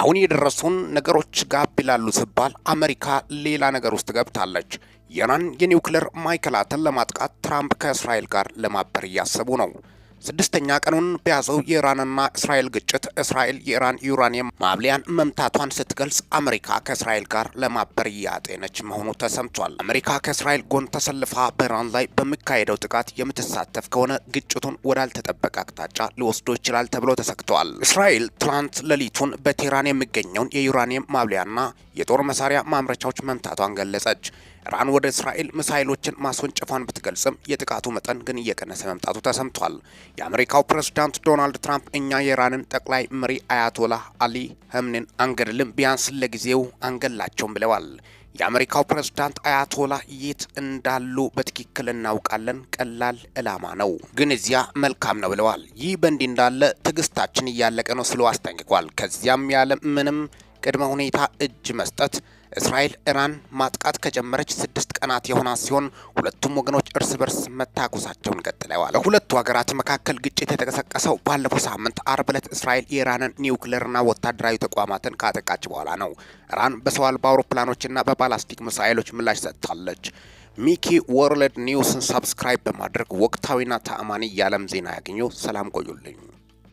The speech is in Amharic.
አሁን የደረሱን ነገሮች ጋብ ይላሉ ሲባል አሜሪካ ሌላ ነገር ውስጥ ገብታለች። ኢራን የኒውክሌር ማዕከላትን ለማጥቃት ትራምፕ ከእስራኤል ጋር ለማበር እያሰቡ ነው። ስድስተኛ ቀኑን በያዘው የኢራንና እስራኤል ግጭት እስራኤል የኢራን ዩራኒየም ማብሊያን መምታቷን ስትገልጽ አሜሪካ ከእስራኤል ጋር ለማበር እያጤነች መሆኑ ተሰምቷል። አሜሪካ ከእስራኤል ጎን ተሰልፋ በኢራን ላይ በሚካሄደው ጥቃት የምትሳተፍ ከሆነ ግጭቱን ወዳልተጠበቀ አቅጣጫ ሊወስዶ ይችላል ተብሎ ተሰግተዋል። እስራኤል ትላንት ሌሊቱን በቴህራን የሚገኘውን የዩራኒየም ማብሊያና የጦር መሳሪያ ማምረቻዎች መምታቷን ገለጸች። ኢራን ወደ እስራኤል ሚሳይሎችን ማስወንጨፏን ብትገልጽም የጥቃቱ መጠን ግን እየቀነሰ መምጣቱ ተሰምቷል። የአሜሪካው ፕሬዝዳንት ዶናልድ ትራምፕ እኛ የኢራንን ጠቅላይ መሪ አያቶላህ አሊ ህምንን አንገድልም፣ ቢያንስ ለጊዜው አንገላቸውም ብለዋል። የአሜሪካው ፕሬዝዳንት አያቶላ የት እንዳሉ በትክክል እናውቃለን። ቀላል ዕላማ ነው፣ ግን እዚያ መልካም ነው ብለዋል። ይህ በእንዲህ እንዳለ ትዕግስታችን እያለቀ ነው ስሎ አስጠንቅቋል። ከዚያም ያለ ምንም ቅድመ ሁኔታ እጅ መስጠት እስራኤል ኢራን ማጥቃት ከጀመረች ስድስት ቀናት የሆናት ሲሆን ሁለቱም ወገኖች እርስ በርስ መታኮሳቸውን ቀጥለዋል። ሁለቱ ሀገራት መካከል ግጭት የተቀሰቀሰው ባለፈው ሳምንት አርብ ዕለት እስራኤል የኢራንን ኒውክሌርና ወታደራዊ ተቋማትን ካጠቃች በኋላ ነው። ኢራን በሰው አልባ አውሮፕላኖችና በባላስቲክ ሚሳኤሎች ምላሽ ሰጥታለች። ሚኪ ወርልድ ኒውስን ሰብስክራይብ በማድረግ ወቅታዊና ተአማኒ የዓለም ዜና ያገኙ። ሰላም ቆዩልኝ።